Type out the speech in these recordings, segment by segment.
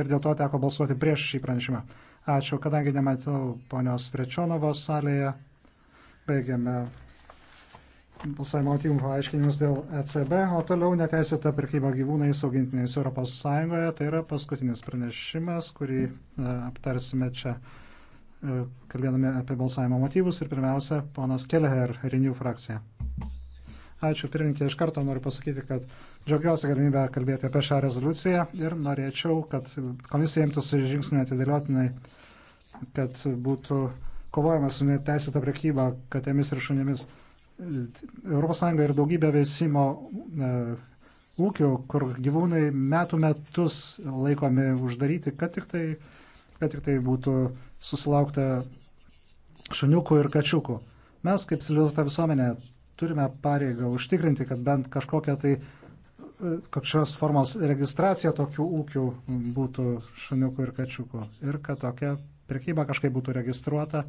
ir dėl to teko balsuoti prieš šį pranešimą. Ačiū, kadangi nematau ponios Vrečionovos salėje. Baigiame balsavimo motyvų paaiškinimus dėl ECB, o toliau neteisėta prekyba gyvūnais augintiniais ES. Tai yra paskutinis pranešimas, kurį e, aptarsime čia, e, kalbėdami apie balsavimo motyvus. Ir pirmiausia, ponas Kelleher, Renew frakcija. Ačiū pirmininkė, iš karto noriu pasakyti, kad džiaugiuosi galimybę kalbėti apie šią rezoliuciją ir norėčiau, kad komisija imtųsi žingsnių atidėliotinai, kad būtų kovojama su neteisėta prekyba katėmis ir šunimis. ES ir daugybė veisimo e, ūkių, kur gyvūnai metų metus laikomi uždaryti, kad tik tai, kad tik tai būtų susilaukta šuniukų ir kačiukų. Mes kaip civilizuota visuomenė turime pareigą užtikrinti, kad bent kažkokia tai e, kokios formos registracija tokių ūkių būtų šuniukų ir kačiukų ir kad tokia prekyba kažkaip būtų registruota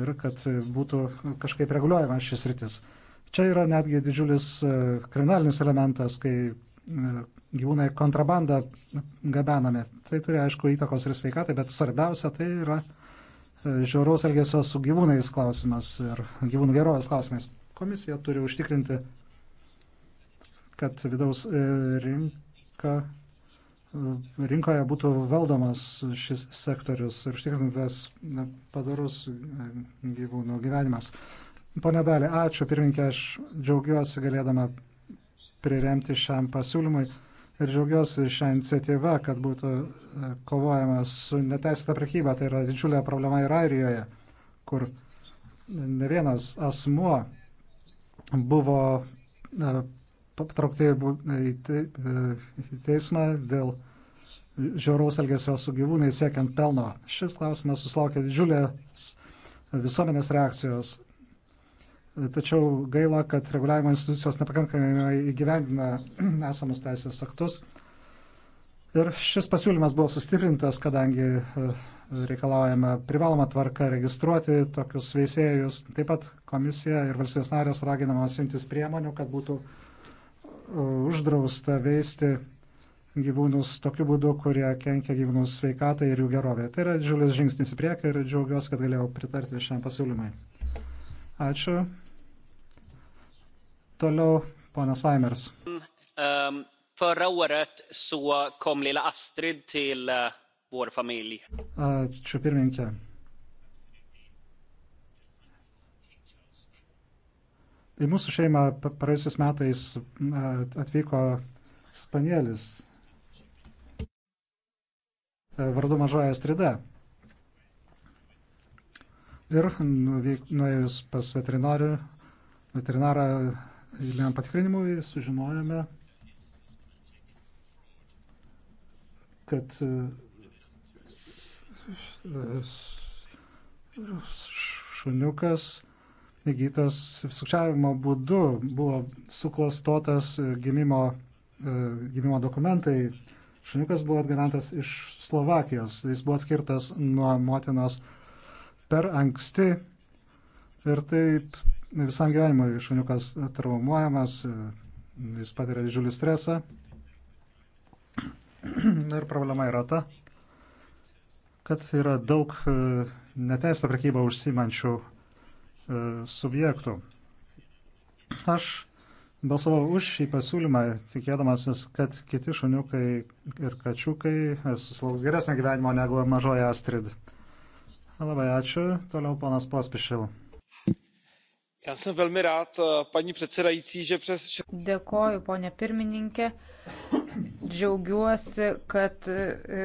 ir kad būtų kažkaip reguliuojama šis rytis. Čia yra netgi didžiulis e, kriminalinis elementas, kai e, gyvūnai kontrabandą gabenami. Tai turi, aišku, įtakos ir sveikatai, bet svarbiausia tai yra žiauraus elgesio su gyvūnais klausimas ir gyvūnų gerovės klausimais. Komisija turi užtikrinti, kad vidaus e, rinka, e, rinkoje būtų valdomas šis sektorius ir užtikrintas padarus e, gyvūnų gyvenimas. Pone Dalį, ačiū pirmininkė, aš džiaugiuosi galėdama priremti šiam pasiūlymui ir džiaugiuosi šią iniciatyvą, kad būtų kovojama su neteisėta prekyba. Tai yra didžiulė problema ir Airijoje, kur ne vienas asmuo buvo e, patraukti e, į teismą dėl žiauraus elgesio su gyvūnai siekiant pelno. Šis klausimas susilaukė didžiulės visuomenės reakcijos. Tačiau gaila, kad reguliavimo institucijos nepakankamai įgyvendina esamus teisės aktus Ir šis pasiūlymas buvo sustiprintas, kadangi e, reikalaujame privalomą tvarką registruoti tokius veisėjus. Taip pat komisija ir valstybės narės raginamos imtis priemonių, kad būtų e, uždrausta veisti gyvūnus tokiu būdu, kurie kenkia gyvūnų sveikatai ir jų gerovė. Tai yra didžiulis žingsnis į priekį ir džiaugiuosi, kad galėjau pritarti šiam pasiūlymai. Ačiū. Toliau ponas Vaimers. Um, um Förra året så kom lilla Astrid till eh, vår familj. Ačiū pirmininkė. Į mūsų šeimą praėjusiais metais atvyko spanielis e, vardu mažoja Astrida. Ir nuėjus pas veterinarių, veterinarą eiliniam patikrinimui sužinojome, kad e, šuniukas įgytas sukčiavimo būdu buvo suklastotas e, gimimo, e, gimimo dokumentai. Šuniukas buvo atgabentas iš Slovakijos, jis buvo atskirtas nuo motinos per anksti ir taip visam gyvenimui šuniukas traumuojamas, jis patiria didžiulį stresą Ir problema yra ta, kad yra daug e, neteisę prekybą užsimančių e, subjektų. Aš balsavau už šį pasiūlymą, tikėdamasis, kad kiti šuniukai ir kačiukai e, susilauks geresnį gyvenimą negu mažoji Astrid. Labai ačiū. Toliau ponas Pospišil. Já jsem velmi rád, paní předsedající, že přes... Dėkoju, ponė pirmininkė. Džiaugiuosi, kad e,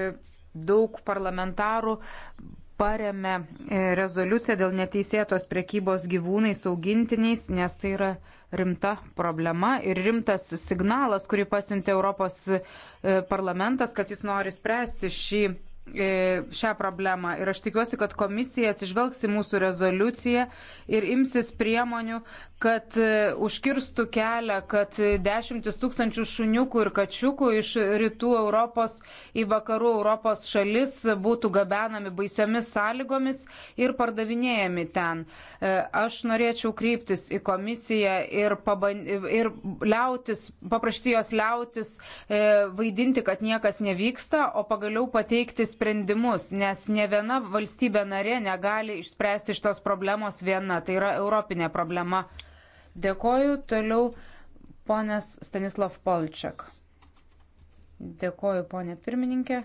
daug parlamentarų paremė e, rezoliuciją dėl neteisėtos prekybos gyvūnais augintiniais, nes tai yra rimta problema ir rimtas signalas, kurį pasiuntė Europos e, parlamentas, kad jis nori spręsti šį E, šią problemą ir aš tikiuosi, kad komisija atsižvelgs į mūsų rezoliuciją ir imsis priemonių, kad e, užkirstų kelią, kad dešimtis tūkstančių šuniukų ir kačiukų iš rytų Europos į vakarų Europos šalis būtų gabenami baisiomis sąlygomis ir pardavinėjami ten. E, aš norėčiau kryptis į komisiją ir, paban... ir liautis, paprašyti jos liautis vaidinti, kad niekas nevyksta, o pagaliau pateikti sprendimus, nes ne viena valstybė narė negali išspręsti šitos problemos viena. Tai yra europinė problema. Dėkoju. Toliau ponės Stanislav Polčiak. Dėkoju, ponė pirmininkė.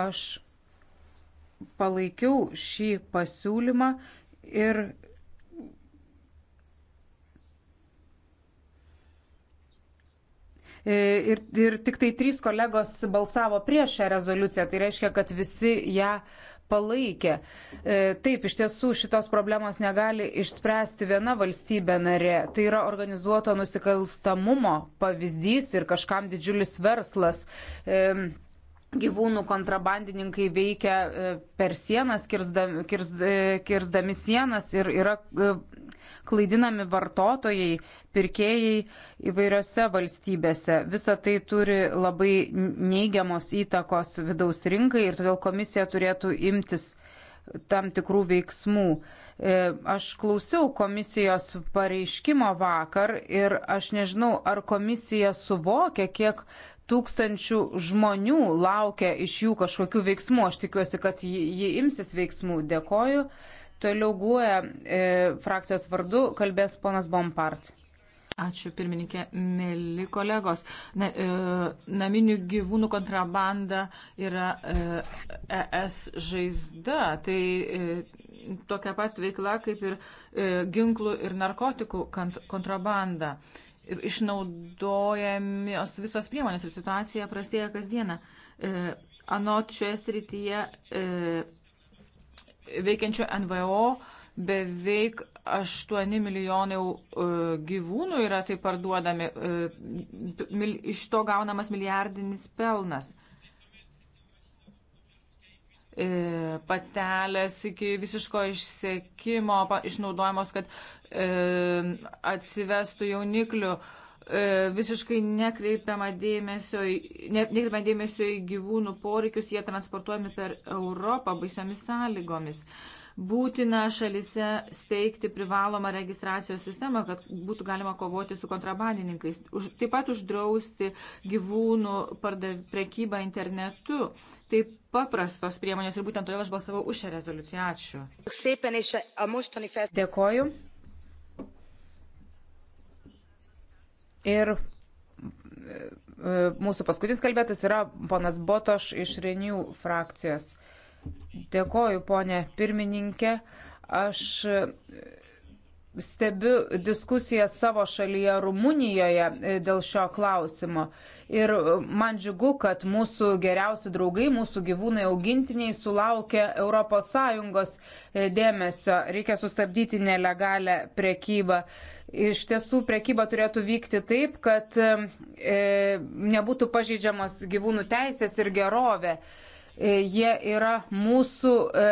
Aš palaikiau šį pasiūlymą ir E, ir, ir tik tai trys kolegos balsavo prieš šią rezoliuciją, tai reiškia, kad visi ją palaikė. E, taip, iš tiesų šitos problemos negali išspręsti viena valstybė narė. Tai yra organizuoto nusikalstamumo pavyzdys ir kažkam didžiulis verslas. E, gyvūnų kontrabandininkai veikia per sienas, kirzdami, kirzdami sienas ir yra klaidinami vartotojai, pirkėjai įvairiose valstybėse. Visa tai turi labai neigiamos įtakos vidaus rinkai ir todėl komisija turėtų imtis tam tikrų veiksmų. E, aš klausiau komisijos pareiškimo vakar ir aš nežinau, ar komisija suvokia, kiek tūkstančių žmonių laukia iš jų kažkokių veiksmų. Aš tikiuosi, kad ji, ji imsis veiksmų. Dėkoju. Toliau guoja e, frakcijos vardu kalbės ponas Bompart. Ačiū pirmininkė, mėly kolegos. Na, e, naminių gyvūnų kontrabanda yra e, ES žaizda. Tai e, tokia pat veikla kaip ir e, ginklų ir narkotikų kont kontrabanda. Ir išnaudojamos visos priemonės ir situacija prastėja kasdieną. E, anot šioje srityje. E, veikiančių NVO beveik 8 milijonai e, gyvūnų yra tai parduodami, e, iš to gaunamas milijardinis pelnas. E, patelės iki visiško išsekimo išnaudojamos, kad atsivestų jauniklių E, visiškai nekreipiama dėmesio, ne, nekreipiama dėmesio į gyvūnų poreikius, jie transportuojami per Europą baisiomis sąlygomis. Būtina šalise steigti privalomą registracijos sistemą, kad būtų galima kovoti su kontrabandininkais. Už, taip pat uždrausti gyvūnų pardav, prekybą internetu. Tai paprastos priemonės ir būtent todėl aš balsavau už šią rezoliuciją. Ačiū. Dėkoju. Ir e, e, mūsų paskutinis kalbėtus yra ponas Botoš iš Renių frakcijos. Dėkoju, ponė pirmininkė. Aš e, stebiu diskusiją savo šalyje Rumunijoje dėl šio klausimo. Ir man džiugu, kad mūsų geriausi draugai, mūsų gyvūnai augintiniai sulaukia ES dėmesio. Reikia sustabdyti nelegalę prekybą iš tiesų prekyba turėtų vykti taip, kad e, nebūtų pažeidžiamos gyvūnų teisės ir gerovė. E, jie yra mūsų, e,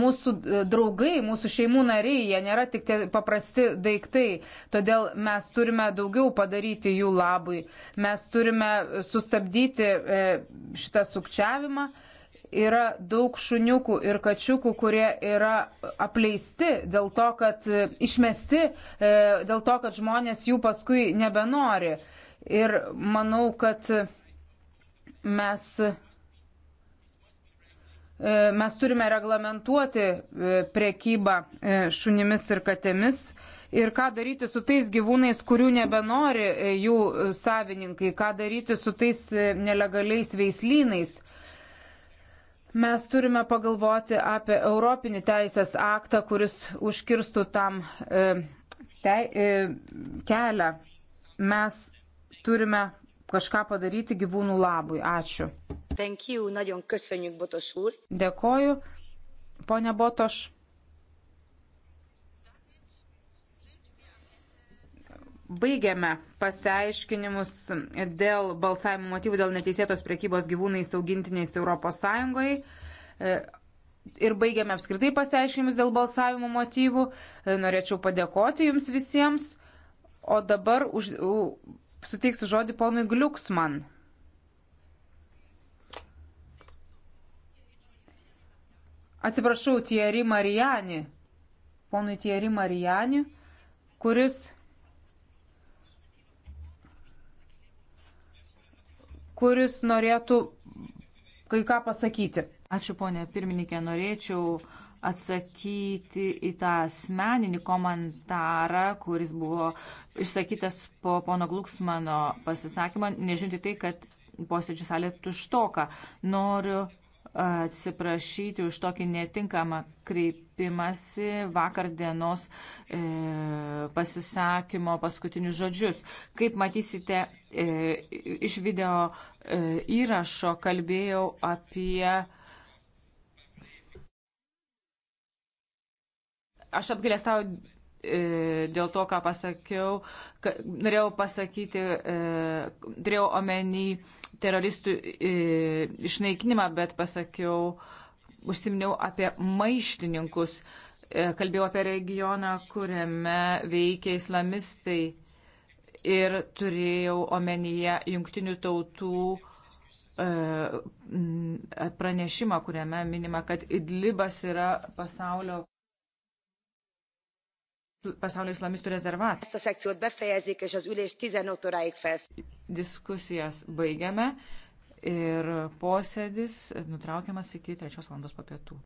mūsų draugai, mūsų šeimų nariai, jie nėra tik tie paprasti daiktai. Todėl mes turime daugiau padaryti jų labui. Mes turime sustabdyti e, šitą sukčiavimą. E, yra daug šuniukų ir kačiukų, kurie yra apleisti dėl to, kad e, išmesti, e, dėl to, kad žmonės jų paskui nebenori. Ir manau, kad mes e, mes turime reglamentuoti priekybą šunimis ir katėmis. Ir ką daryti su tais gyvūnais, kurių nebenori jų savininkai, ką daryti su tais nelegaliais veislynais. Mes turime pagalvoti apie Europinį teisės aktą, kuris užkirstų tam e, te, e, kelią. Mes turime kažką padaryti gyvūnų labui. Ačiū. Thank you, nagyon köszönjük, Botos úr. Dėkoju, ponia Botoš. Baigiame pasiaiškinimus dėl balsavimo motyvų dėl neteisėtos priekybos gyvūnais augintiniais ES. E, ir baigiame apskritai pasiaiškinimus dėl balsavimo motyvų. E, norėčiau padėkoti jums visiems. O dabar už, u, suteiksiu žodį ponui Gliuksman. Atsiprašau, Thierry Marijani. Ponui Thierry Marijani, kuris kuris norėtų kai ką pasakyti. Ačiū, ponė pirmininkė, norėčiau atsakyti į tą asmeninį komentarą, kuris buvo išsakytas po pono Gluksmano pasisakymą, nežinti tai, kad posėdžių salė tuštoka. Noriu atsiprašyti už tokį netinkamą kreipimąsi vakar dienos e, pasisakymo paskutinius žodžius. Kaip matysite e, iš video e, įrašo, kalbėjau apie. Aš apgalėstau E, dėl to, ką pasakiau, ka, norėjau pasakyti, e, turėjau omeny teroristų e, išnaikinimą, bet pasakiau, užsiminiau apie maištininkus, e, kalbėjau apie regioną, kuriame veikia islamistai ir turėjau omenyje jungtinių tautų e, pranešimą, kuriame minima, kad Idlibas yra pasaulio pasaulio islamistų rezervatas. Diskusijas baigiame ir posėdis nutraukiamas iki 3 val. po pietų.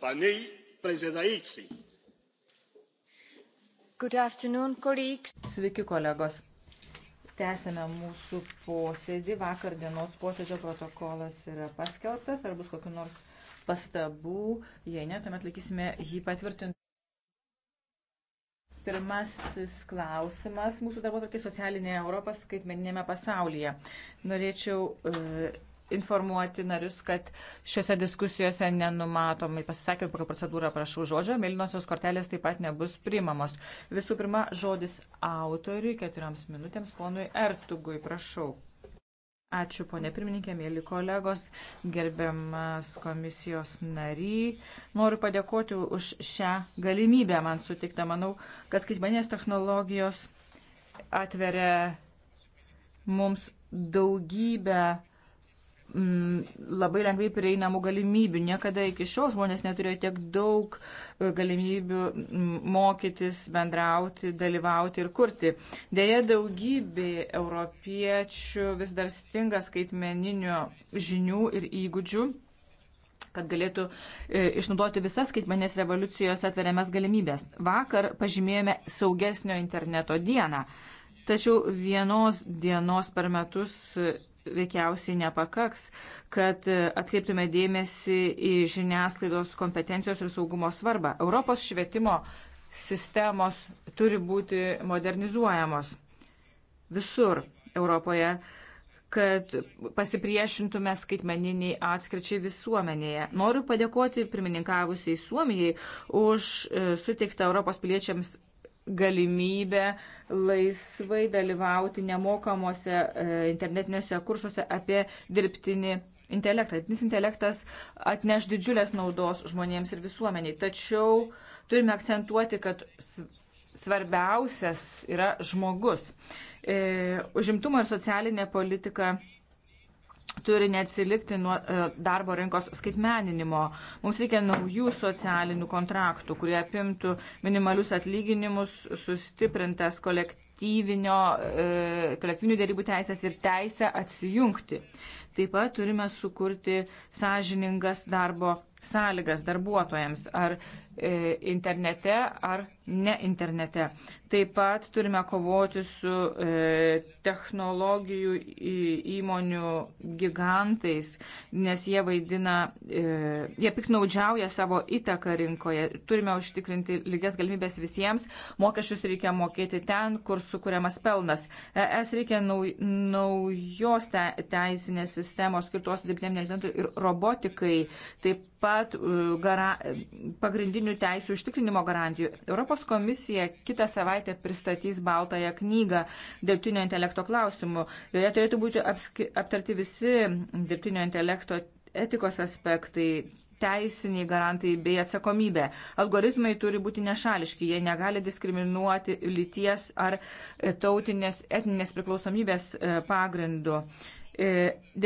paniai prezidaičiai. Sveiki, kolegos. Tęsėme mūsų posėdį. Vakar dienos posėdžio protokolas yra paskelbtas. Ar bus kokiu nors pastabų? Jei ne, tuomet laikysime jį patvirtintą. Pirmasis klausimas mūsų darbo tokia socialinė Europa skaitmeninėme pasaulyje. Norėčiau e, informuoti narius, kad šiuose diskusijose nenumatomai pasisakymai pagal procedūrą prašau žodžio, mėlynosios kortelės taip pat nebus priimamos. Visų pirma, žodis autoriui keturioms minutėms, ponui Ertugui, prašau. Ačiū, ponė pirmininkė, mėly kolegos, gerbiamas komisijos nary. Noriu padėkoti už šią galimybę man sutikta. Manau, kad skaitmanės technologijos atveria mums daugybę Mm, labai lengvai prieinamų galimybių. Niekada iki šiol žmonės neturėjo tiek daug e, galimybių mm, mokytis, bendrauti, dalyvauti ir kurti. Deja, daugybė europiečių vis dar stinga skaitmeninių žinių ir įgūdžių kad galėtų e, išnaudoti visas skaitmenės revoliucijos atveriamas galimybės. Vakar pažymėjome saugesnio interneto dieną. Tačiau vienos dienos per metus veikiausiai nepakaks, kad atkreiptume dėmesį į žiniasklaidos kompetencijos ir saugumo svarbą. Europos švietimo sistemos turi būti modernizuojamos visur Europoje kad pasipriešintume skaitmeniniai atskričiai visuomenėje. Noriu padėkoti pirmininkavusiai Suomijai už suteiktą Europos piliečiams galimybę laisvai dalyvauti nemokamuose e, internetiniuose kursuose apie dirbtinį intelektą. Dirbtinis intelektas atneš didžiulės naudos žmonėms ir visuomeniai. Tačiau turime akcentuoti, kad svarbiausias yra žmogus. E, užimtumo ir socialinė politika turi neatsilikti nuo e, darbo rinkos skaitmeninimo. Mums reikia naujų socialinių kontraktų, kurie apimtų minimalius atlyginimus, sustiprintas e, kolektyvinių dėrybų teisės ir teisę atsijungti. Taip pat turime sukurti sąžiningas darbo sąlygas darbuotojams ar e, internete, ar ne internete. Taip pat turime kovoti su e, technologijų įmonių gigantais, nes jie vaidina, e, jie piknaudžiauja savo įtaką rinkoje. Turime užtikrinti lygias galimybės visiems, mokesčius reikia mokėti ten, kur sukūriamas pelnas. Es reikia nau, naujos te, teisinės sistemos skirtos dirbtiniam nelgentui ir robotikai, taip pat e, gara, pagrindinių teisų užtikrinimo garantijų. Europos Europos komisija kitą savaitę pristatys Baltąją knygą dirbtinio intelekto klausimų. Joje turėtų būti apski, aptarti visi dirbtinio intelekto etikos aspektai, teisiniai garantai bei atsakomybė. Algoritmai turi būti nešališki, jie negali diskriminuoti lyties ar tautinės, etninės priklausomybės e, pagrindu. E,